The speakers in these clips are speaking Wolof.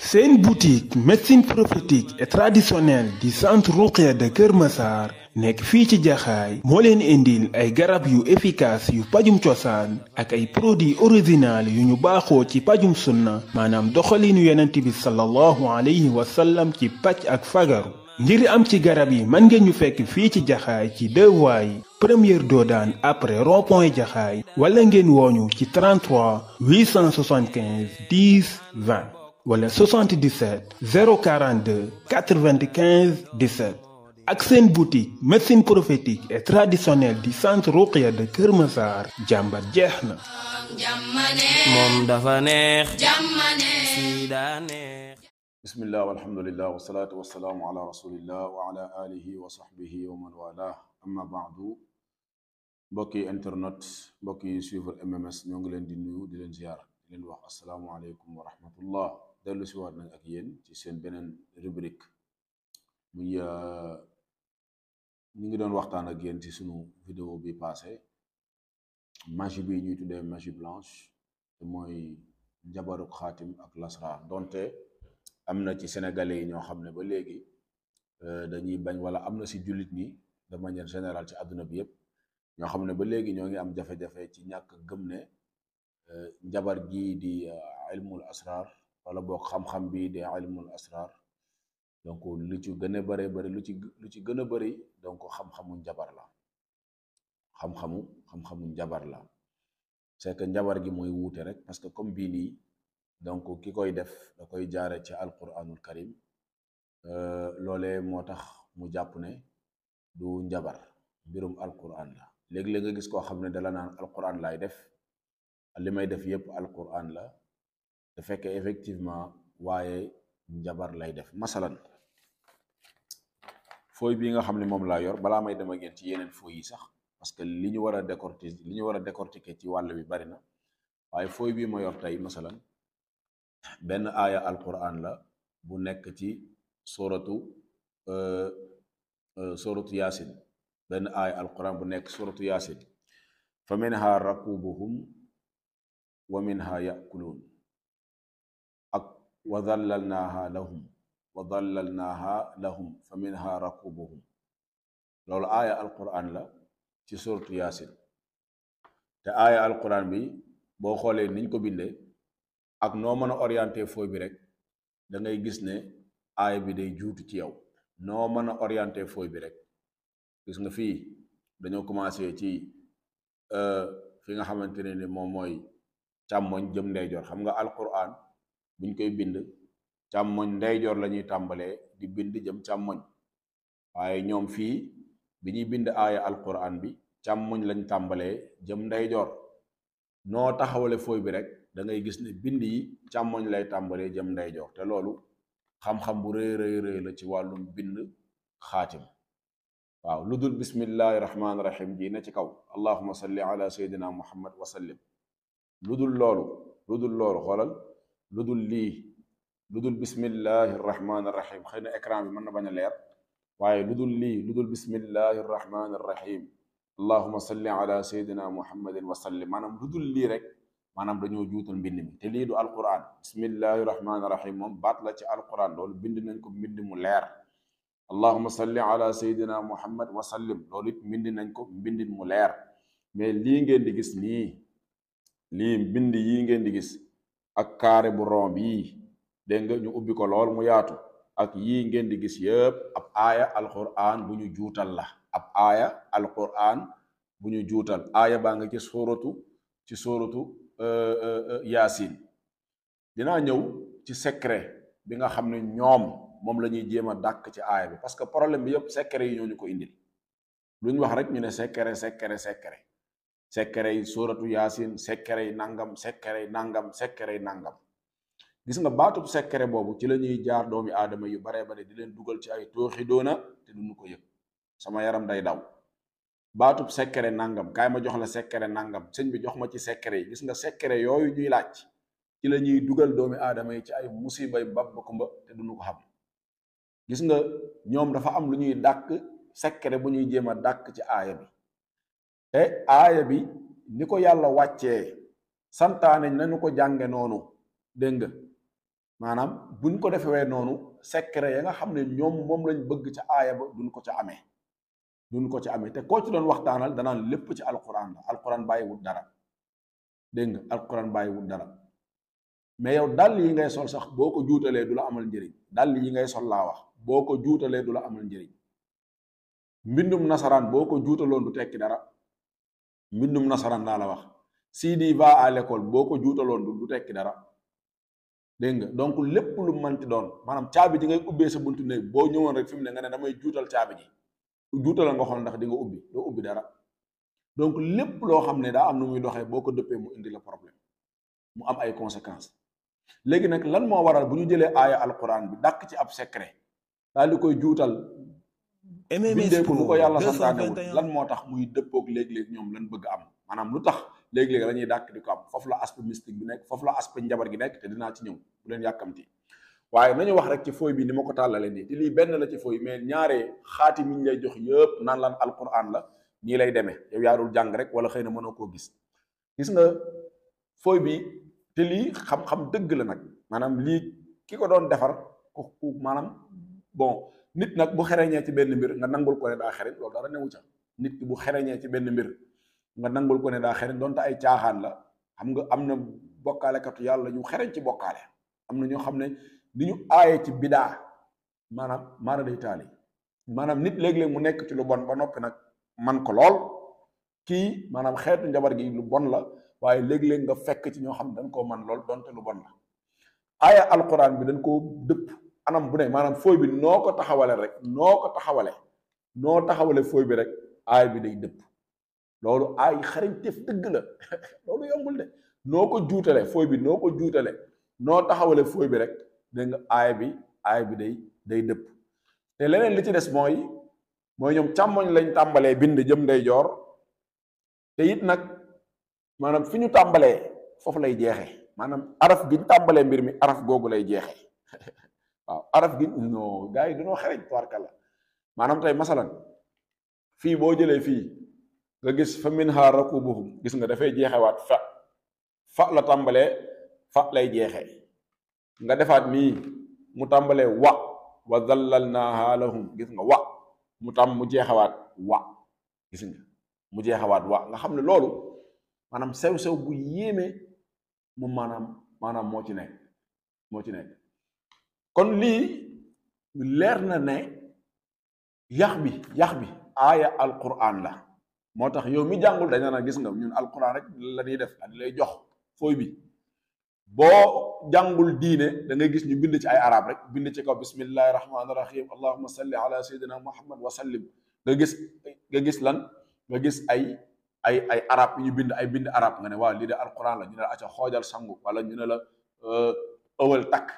seen boutique médecine prophétique et traditionnelle di centre Ruqya de Kër Massar nekk fii ci jaxaay moo leen indil ay garab yu efficace yu pajum cosaan ak ay produits original yu ñu baaxoo ci pajum sunna maanaam doxalinu yonent bi sallallahu alayhi wa sallam ci pàcc ak fagaru ngir am ci garab yi man ngeen ñu fekk fii ci jaxaay ci deux première dodane après rond-point jaxaay wala ngeen 33 875 10 20 wala 77 042 95 17 ak seen boutique médecine prophétique et traditionnelle du centre Ruqya de Kermesar, Jamba Djehna. mom dafa بسم الله والحمد لله والصلاة والسلام على رسول الله وعلى آله وصحبه ومن والاه أما بعد بقي انترنت بقي سيفر ام ام اس نيونغ لين دي نيو دي لين زيار دي لين واخ السلام عليكم ورحمة الله دلو سي وات ناك يين سي سين بنين ريبريك مي آه، نيغي دون وقتان اك يين سي سونو فيديو بي باسي ماجي بي نيو تودي ماجي بلانش موي جبارو خاتم اك لاسرا دونتي am na ci sénégalais yi ñoo xam ne ba léegi euh, dañuy bañ wala am na si jullit ñi de manière générale ci àdduna bi yépp ñoo xam ba léegi ñoo ngi am jafe-jafe ci ñàkk gëm ne euh, njabar gii di euh, ilmul asrar wala boog xam-xam bi di ilmul asrar donc lu ci gën a bare bari lu ci lu ci gën a bari donc xam-xamu njabar la xam-xamu xam-xamu njabar la c'est que njabar gi rek parce que comme donc ki koy def da koy jaare ci alquranul karim euh, loole moo tax mu jàpp ne du njabar mbirum alquran la léegi-léeg nga gis koo xam ne dala naan alquran laay def li may def yépp alquran la te fekkee effectivement waaye jabar lay def masalan fooy bii nga xam ne moom laa yor balaa may dem ak yéen ci yeneen fooy yi sax parce que li ñu war a décortiquer li ñu war a décortiquer ci wàll bi bari na waaye fooy bii ma yor tey masalan ben aya alquran la bu nekk ci suratu suratu yaasin benn aaya alquran bu nekk suratu yaasin fa minha rakubuhum wa minha yakuluun ak wa dallalnaaha lahum wa dallalnaaha lahum faminha minha rakubuhum loolu aaya alquran la ci suratu yaasin te aaya alquran bi boo xoolee niñ ko bindee ak noo mën a orienté fooy bi rek dangay gis ne aaya bi day juutu ci yow noo mën a orienté fooy bi rek gis nga fii dañoo commencé ci euh, fi nga xamante ne ni moom mooy càmmoñ jëm ndeyjoor xam nga alquran buñ koy bind càmmoñ ndeyjoor la ñuy tàmbalee di bind jëm càmmoñ waaye ñoom fii bi ñuy bind aaya alquran bi càmmoñ lañ tàmbalee jëm ndeyjoor no taxawale foy bi rek da ngay gis ni bind yi càmmoñ lay tàmbalee jëm jox te loolu xam-xam bu rëy rëy rëy la ci wàllum bind xaatim waaw lu dul bismillahi rahmaani rahim ji na ci kaw allahuma salli ala sayidina muhammad wa sallim lu dul loolu lu dul loolu xoolal lu dul lii lu dul bismillahi rahmaani rahim xëy na écran bi mën na bañ a leer waaye lu dul lii lu dul bismillahi rahmaani rahim اللهم صل على سيدنا محمد وسلم مانام لودول لي رك مانام دانيو جوتال بند مي تي القران بسم الله الرحمن الرحيم مام بات لا تي القران لول بند نانكو بند مو لير اللهم صل على سيدنا محمد وسلم لول بند نانكو بند مو لير مي لي نين دي غيس لي لي بند يي نين دي غيس اك كاري بو روم بي دنگ ني اوبي كو لول مو ياتو اك يي نين دي غيس ياب اب ايه القران بو ني جوتال الله ab aaya alquran bu ñu juutal aaya baa nga ci sóoratu ci sóoratu euh, euh, euh, yaasin dinaa ñëw ci secret bi nga xam ne ñoom moom la ñuy jéem a dàkk ci aaya bi parce que problème bi yëpp secret yi ñoo ñu ko indil lu ñu wax rek ñu ne secret secret secret secret yi sóoratu yaasin secret yi nangam secret yi nangam secret yi nangam gis nga baatub secret boobu ci la ñuy jaar doomi aadama yu baree bare di leen dugal ci ay tooxi doona te duñu ko yëg sama yaram day daw baatub secret nangam kaay ma jox la secret nangam sëñ bi jox ma ci secret yi gis nga secret yooyu ñuy laaj ci la ñuy dugal doomi aadama yi ci ay musibay bab ba kumba te duñu ko xam nga ñoom dafa am lu ñuy dàkk secret bu ñuy jéem a dàkk ci aaya bi te aaya bi ni ko yàlla wàccee santaane nañu ko jànge noonu dégg nga maanaam buñ ko defewee noonu secret ya nga xam ne ñoom moom lañ bëgg ca aaya ba duñ ko ca amee duñ ko ci amee te ko ci doon waxtaanal danaan lépp ci alquran la alquran bayi dara deng nga alquran bàyyiwul dara mais yow dàll yi ngay sol sax boko ko juutalee amal njëriñ dal yi ngay sol laa wax boo ko juutalee amal njëriñ mbindum nasaran boko ko juutaloon du tekki dara mbindum nasaraan laa la wax sidi va à l'école boo ko juutaloon du tekki dara dégg nga donc lépp lu manti doon maanaam caabi ji ngay ubbee sa buntu néeg boo ñëwoon rek fi nga damay ji juutalal nga xool ndax di nga ubbi doo ubbi dara donc lépp loo xam ne daa am nu muy doxee boo ko dëppee mu indi la problème mu am ay conséquence léegi nag lan moo waral bu ñu jëlee aaya alquran bi dàkk ci ab secret daal di koy juutal bindee ko lu ko yàlla santaanewul lan moo tax muy dëppook léeg-léeg ñoom lan bëgg am maanaam lu tax léegi léeg la ñuy dàkk di ko am foofu la aspect mystique bi nekk foofu la aspect njabar gi nekk te dinaa ci ñëw bu leen yàkkamti waaye nañu wax rek ci fooy bii ni ma ko tàllalee nii te lii benn la ci fooy mais ñaare xaati mi ñu lay jox yëpp naan lan alquran la nii lay demee yow yaa jàng rek wala xëy na mënoo koo gis gis nga fooy bi te lii xam-xam dëgg la nag maanaam lii ki ko doon defar ko ku maanaam bon nit nag bu xereñee ci benn mbir nga nangul ko ne daa xereñ loolu dara newu ca nit ki bu xereñee ci benn mbir nga nangul ko ne daa xereñ donte ay caaxaan la xam nga am na bokkaalekatu yàlla ñu xereñ ci bokkaale li ñu aaye ci bidaa maanaam maana day taali maanaam nit léegi léeg mu nekk ci lu bon ba noppi nag man ko lool kii maanaam xeetu njabar gi lu bon la waaye léegi léeg nga fekk ci ñoo xam ne dañ koo man lool donte lu bon la aaya alquran bi dañ koo dëpp anam bu ne maanaam fooy bi noo ko taxawale rek noo ko taxawale noo taxawale fooy bi rek aay bi day dëpp loolu aay xarañteef dëgg la loolu yombul de noo ko juutale fooy bi noo ko juutale noo taxawale fooy bi rek dégg aay bi aay bi day day dëpp te leneen li ci des mooy mooy ñoom càmmoñ lañ tàmbalee bind jëm day joor te it nag maanaam fi ñu tàmbalee foofu lay jeexe maanaam araf gi ñu tàmbalee mbir mi araf googu lay jeexee waaw araf gi non gars yi dañoo xereñ tuwarka la maanaam tey masalan fii boo jëlee fii nga gis fa min ha rakubuhum gis nga dafay jeexewaat fa fa la tàmbalee fa lay jeexee nga defaat nii mu tàmbalee wa wa zallalnaahaa lahum gis nga wa mu tam mu jeexawaat wa gis nga mu jeexawaat wa nga xam ne loolu maanaam sew-sew bu yéeme moom maanaam maanaam moo ci nekk moo ci nekk kon lii leer na ne yax bi yax bi aaya alquran la moo tax yow mi jàngul dañ na gis nga ñun alquran rek la ñuy def ak lay jox fooy bi boo jàngul diine da ngay gis ñu bind ci ay arab rek bind ci kaw bismillahi rahmaani rahim allahuma salli ala sayyidina muhammad wa sallim nga gis nga gis lan nga gis ay ay ay arab ñu bind ay bind arab nga ne waaw lii de alquran la ñu ne la xoojal sangu wala ñu ne la euh, ëwal takk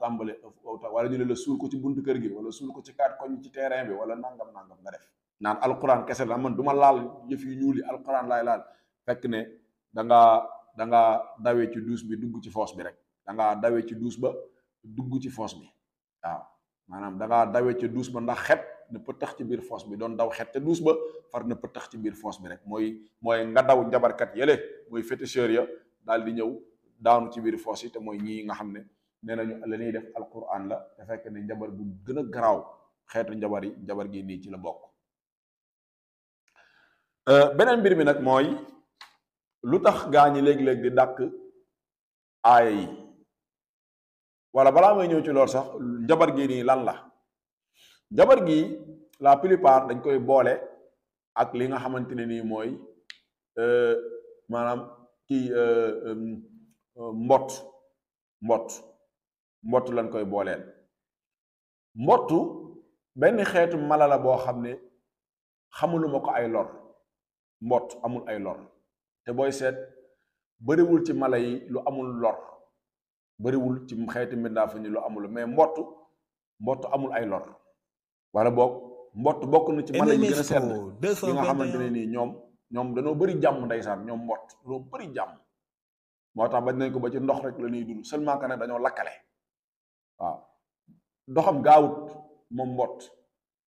tàmbale ëw takk wala ñu la suul ko ci buntu kër gi wala suul ko ci kaat koñ ci terrain bi wala nangam nangam nga def naan alquran kese la man du ma laal yëf yu ñuul yi alquran laay laal fekk ne da da nga dawee ci douche bi dugg ci fosse bi rek da nga dawee ci douche ba dugg ci fosse bi waaw maanaam da nga dawee ci douche ba ndax xet ne pëtax ci biir fosse bi doon daw xet te douche ba far ne pëtax ci biir fosse bi rek mooy mooy nga daw njabarkat yële mooy féticheur ya daal di ñëw daanu ci biir fosse yi te mooy ñii nga xam ne nee nañu la ñuy def alquran la te fekk ne njabar bu gën a garaaw njabar yi njabar gi nii ci la bokk euh, beneen bir mi nag mooy lu tax gaa ñi léeg-léeg di dàkk aaya yi wala balaa may ñëw ci lool sax jabar gi nii lan la jabar gi la plupart dañ koy boole ak li nga xamante ne nii mooy euh, maanaam kii euh, euh, mbott mbott mbott lañ koy booleel mbottu benn xeetu malala boo xam ne xamuluma ko ay lor mbott amul ay lor te booy seet bëriwul ci mala yi lu amul lor bëriwul ci xeeti mbindaa fa ni lu amul mais mbott mbott amul ay lor wala boog mbott bokk na ci mala yi gën a sell yi nga xamante ne nii ñoom ñoom dañoo bëri jàmm ndeysaan ñoom mbott dañoo bëri jàmm moo tax ba dinañ ko ba ci ndox rek la ñuy dund seulement que ne dañoo lakkale waaw doxam gaawut moom mbott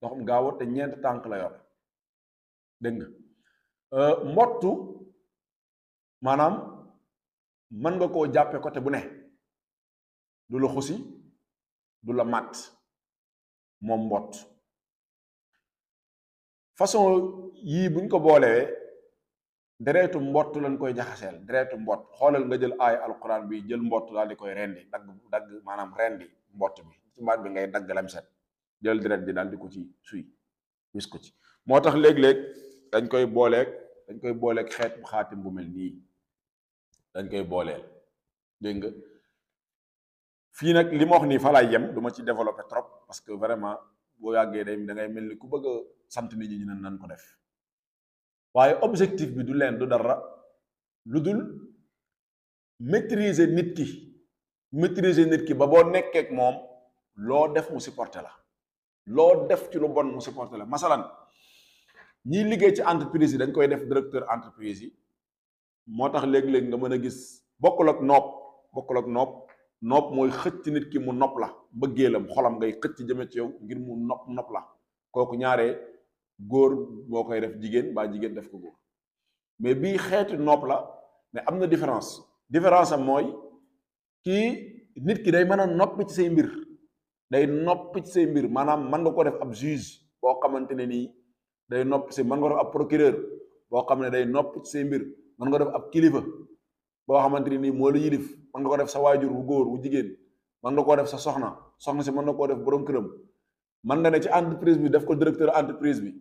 doxam gaawut te ñeent tànk la yor dégg euh, mbott maanaam mën nga koo jàppe côté bu ne du la xusi du la màtt moom mbott façon yii buñ ko boolee dereetu mbott lañ koy jaxaseel dereetu mbott xoolal nga jël aaya alquran bi jël mbott daal di koy rendi dagg dagg maanaam rendi mbott bi ci baat bi ngay dagg lam set jël deret bi daal di ko ci suy wis ko ci moo tax léeg-léeg dañ koy booleeg dañ koy booleeg xeet bu xaatim bu mel nii dañ koy booleel dégg nga fii nag li ma wax nii fa laay yem du ma ci développé trop parce que vraiment boo yàggee day da ngay mel ni ku bëgg a sant nit ñi ñu ne nan ko def waaye objectif bi du leen du dara lu dul maîtriser nit ki maîtriser nit ki ba boo nekkee moom loo def mu supporté la loo def ci lu bon mu supporté la masalan ñiy liggéey ci entreprise yi dañ koy def directeur entreprise yi moo tax léeg-léeg nga mën a gis bokkul ak nopp bokkul ak nopp nopp mooy xëcc nit ki mu nopp la bëggeelam xolam ngay xëcc jëme ci yow ngir mu nopp nopp la kooku ñaaree góor moo koy def jigéen baa jigéen def ko góor mais bii xeetu nopp la mais am na différence différence am mooy kii nit ki day mën a noppi ci say mbir day noppi ci say mbir maanaam mën nga ko def ab juge boo xamante ne nii day nopp ci mën nga ko def ab procureur boo xam ne day nopp ci say mbir man nga def ab kilifa boo xamante ni moo la yilif man nga ko def sa waajur wu góor wu jigéen man nga koo def sa soxna soxna si mën na koo def borom këram man nga ne ci entreprise bi def ko directeur entreprise bi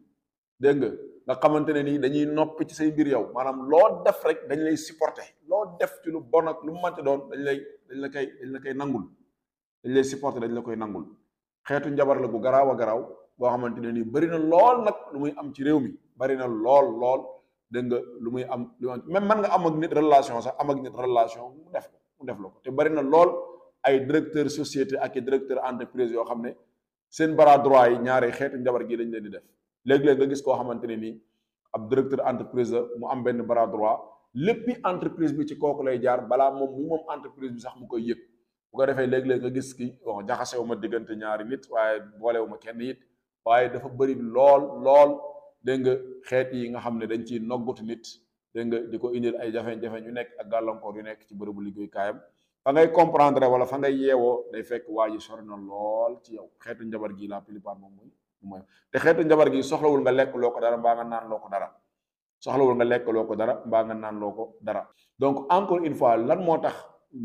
dégg nga nga xamante ne nii dañuy noppi ci say mbir yow maanaam lool def rek dañ lay supporter loo def ci lu bon ak lu mu mënti doon dañ lay dañ la koy dañ la koy nangul dañ lay supporter dañ la koy nangul xeetu njabar la gu garaaw a garaaw boo xamante ne nii bari na lool nag lu muy am ci réew mi bari na lool lool dégg nga lu muy am lu même man nga am ak nit relation sax am ak nit relation mu def ko mu def la ko te bari na lool ay directeur société ak i directeur entreprise yoo xam ne seen bara yi ñaari xeetu njabar gi dañ leen di def léeg-léeg nga gis koo xamante ne nii ab directeur entreprise la mu am benn bara droit léppi entreprise bi ci kooku lay jaar balaa moom mi moom entreprise bi sax mu koy yëg bu ko defee léeg-léeg nga gis ki bon jaxasewu ma diggante ñaari nit waaye boolewu ma kenn it waaye dafa bëri lool lool dégg nga xeet yi nga xam ne dañ ciy noggutu nit dégg nga di ko indil ay jafe-jafe yu nekk ak gàllankoor yu nekk ci bërëbu liggéeykaayam fa ngay comprendre wala fa ngay yeewoo day fekk waa sori na lool ci yow xeetu njabar gi la plupart moom muy mooy te xeetu njabar gi soxlawul nga lekk loo ko dara mbaa nga naan loo ko dara soxlawul nga lekk loo ko dara mbaa nga naan loo ko dara donc encore une fois lan moo tax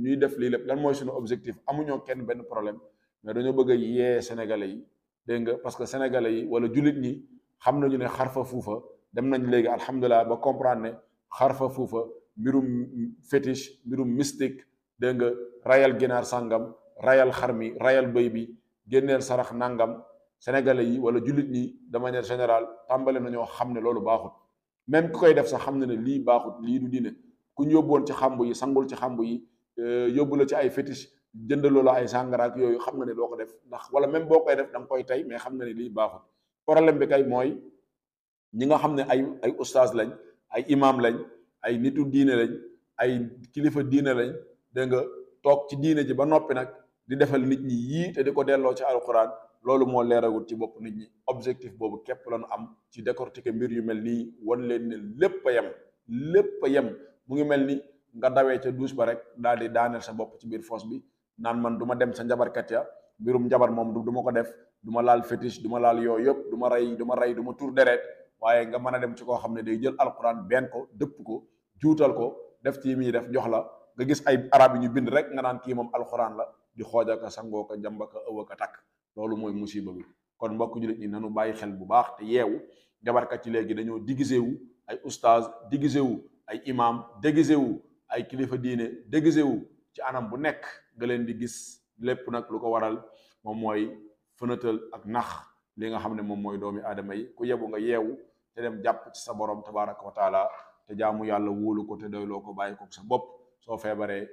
ñuy def lii lépp lan mooy suñu objectif amuñoo kenn benn problème mais dañoo bëgg a yee sénégalais yi dégg nga parce que sénégalais yi wala ñi xamna ñu ne xarfa fufa dem nañ legi alhamdullah ba comprendre ne xarfa fufa mbirum fetish mbirum mystique de nga rayal ginaar sàngam rayal xar mi rayal bëy bi génneel sarax nangam sénégalais yi wala julit ñi de manière générale tàmbale nañu xamne lolu baxut même ku koy def sax xam na ne lii baaxut lii du dina ku ñu yóbbuwoon ci xambu yi sangul ci xambu yi yóbbu la ci ay fetish jëndelo la ay sàngara ak yoyu xam nga ne doo def ndax wala même boo def dang koy tay mais xam na ne lii baaxut problème bi kay mooy ñi nga xam ne ay ay ustaas lañ ay imaam lañ ay nitu diine lañ ay kilifa diine lañ dégg toog ci diine ji ba noppi nag di defal nit ñi yii te di ko delloo ci alquran loolu moo leeragul ci bopp nit ñi objectif boobu képp la ñu am ci décortiquer mbir yu mel nii wan leen ne lépp a yem lépp a yem mu ngi mel ni nga dawee ca douche ba rek daal di daaneel sa bopp ci biir fosse bi naan man duma dem sa njabarkat ya mbirum njabar moom du ma ko def du fetish, laal fétiche du ma laal yooyu yëpp du rey rey deret waaye nga mën a dem ci koo xam ne day jël alquran benn ko dëpp ko juutal ko def ci muy def jox la nga gis ay arab yi ñu bind rek nga naan kii moom alquran la di xooja ka sangoo ka jàmba ka ëwa ka takk loolu mooy musiba bi kon mbokk jullit ñi nanu bàyyi xel bu baax te yeewu jabarkat yi léegi dañoo déguisé ay oustaz déguisé ay imam digizeu. wu ay kilifa diine déguisé wu ci anam bu nekk nga leen di gis lépp nag lu ko waral moom mooy fënatal ak nax li nga xam ne moom mooy doomi aadama yi ku yebu nga yeewu te dem jàpp ci sa borom tabaraka wa taala te jaamu yàlla wóolu ko te doyloo ko bàyyi ko sa bopp soo feebaree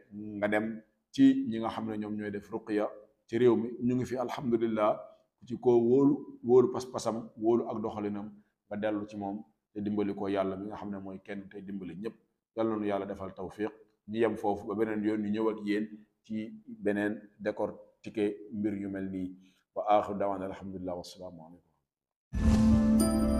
nga dem ci ñi nga xam ne ñoom ñooy def ruqiya ci réew mi ñu ngi fi alhamdulillah ku ci koo wóolu wóolu pas-pasam wóolu ak doxalinam ba dellu ci moom te dimbali ko yàlla mi nga xam ne mooy kenn tey dimbali ñëpp yàlla nu yàlla defal tawfiq ñu yem foofu ba beneen yoon ñu ñëw ak yéen ci beneen décortiquer mbir yu mel nii واخر دعوانا الحمد لله والسلام عليكم